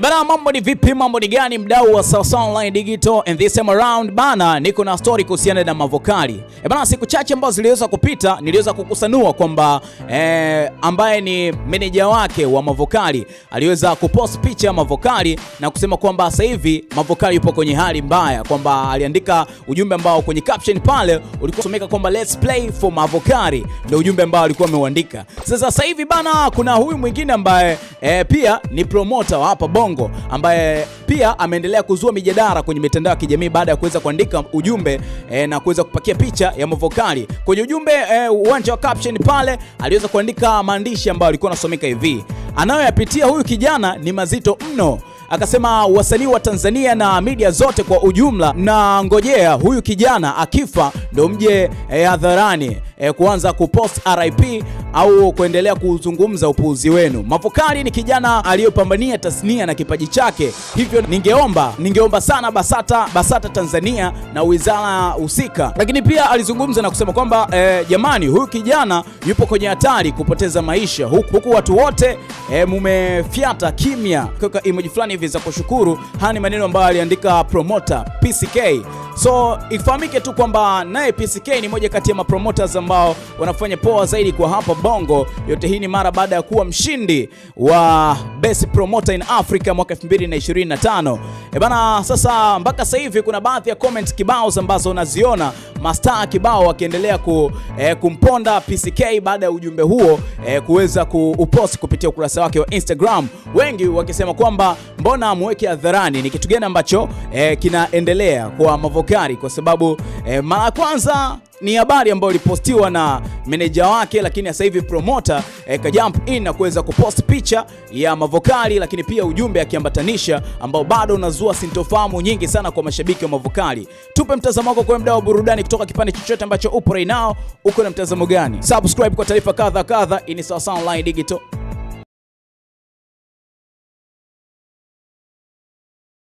Ebana, eh, mambo ni vipi? Mambo ni gani, mdau wa Sawasawa Online Digital, and this time around bana, niko na story kuhusiana na Mavokali. Ebana, eh, siku chache ambazo ziliweza kupita niliweza kukusanua kwamba eh, ambaye ni meneja wake wa Mavokali aliweza kupost picha ya Mavokali na kusema kwamba sasa hivi Mavokali yupo kwenye hali mbaya, kwamba aliandika ujumbe ambao kwenye caption pale ulikuwa someka kwamba let's play for Mavokali, ndio ujumbe ambao alikuwa ameuandika. Sasa sasa hivi bana, kuna huyu mwingine ambaye eh, pia ni promoter hapa Bongo Kongo ambaye pia ameendelea kuzua mijadala kwenye mitandao ya kijamii baada ya kuweza kuandika ujumbe e, na kuweza kupakia picha ya Mavokali kwenye ujumbe e, uwanja wa caption pale aliweza kuandika maandishi ambayo alikuwa anasomeka hivi: anayoyapitia huyu kijana ni mazito mno. Akasema wasanii wa Tanzania na media zote kwa ujumla, na ngojea huyu kijana akifa ndo mje eh, hadharani e, e, kuanza kupost RIP au kuendelea kuzungumza upuuzi wenu. Mavokali ni kijana aliyopambania tasnia na kipaji chake, hivyo ningeomba ningeomba sana BASATA BASATA Tanzania na wizara husika. Lakini pia alizungumza na kusema kwamba e, jamani, huyu kijana yupo kwenye hatari kupoteza maisha huku, huku watu wote e, eh, mumefyata kimya, kaka emoji fulani hivi za kushukuru. Haya ni maneno ambayo aliandika promoter PCK. So ifahamike tu kwamba naye PCK ni moja kati ya mapromoters ambao wanafanya poa zaidi kwa hapa Bongo. Yote hii ni mara baada ya kuwa mshindi wa Best Promoter in Africa mwaka 2025. Eh bana, sasa mpaka sasa hivi kuna baadhi ya comment kibao ambazo unaziona mastaa kibao wakiendelea ku, eh, kumponda PCK baada ya ujumbe huo eh, kuweza kuupost kupitia ukurasa wake wa Instagram, wengi wakisema kwamba mbona amweke hadharani, ni kitu gani ambacho eh, kinaendelea kwa Mavokali kwa sababu eh, mara kwanza ni habari ambayo ilipostiwa na meneja wake, lakini sasa hivi promoter eh, ka jump in na kuweza kupost picha ya Mavokali, lakini pia ujumbe akiambatanisha ambao bado unazua sintofahamu nyingi sana kwa mashabiki wa Mavokali. Tupe mtazamo wako kwa mda wa burudani kutoka kipande chochote ambacho upo right now, uko na mtazamo gani? Subscribe kwa taarifa kadha kadha. Ini sawa online digital.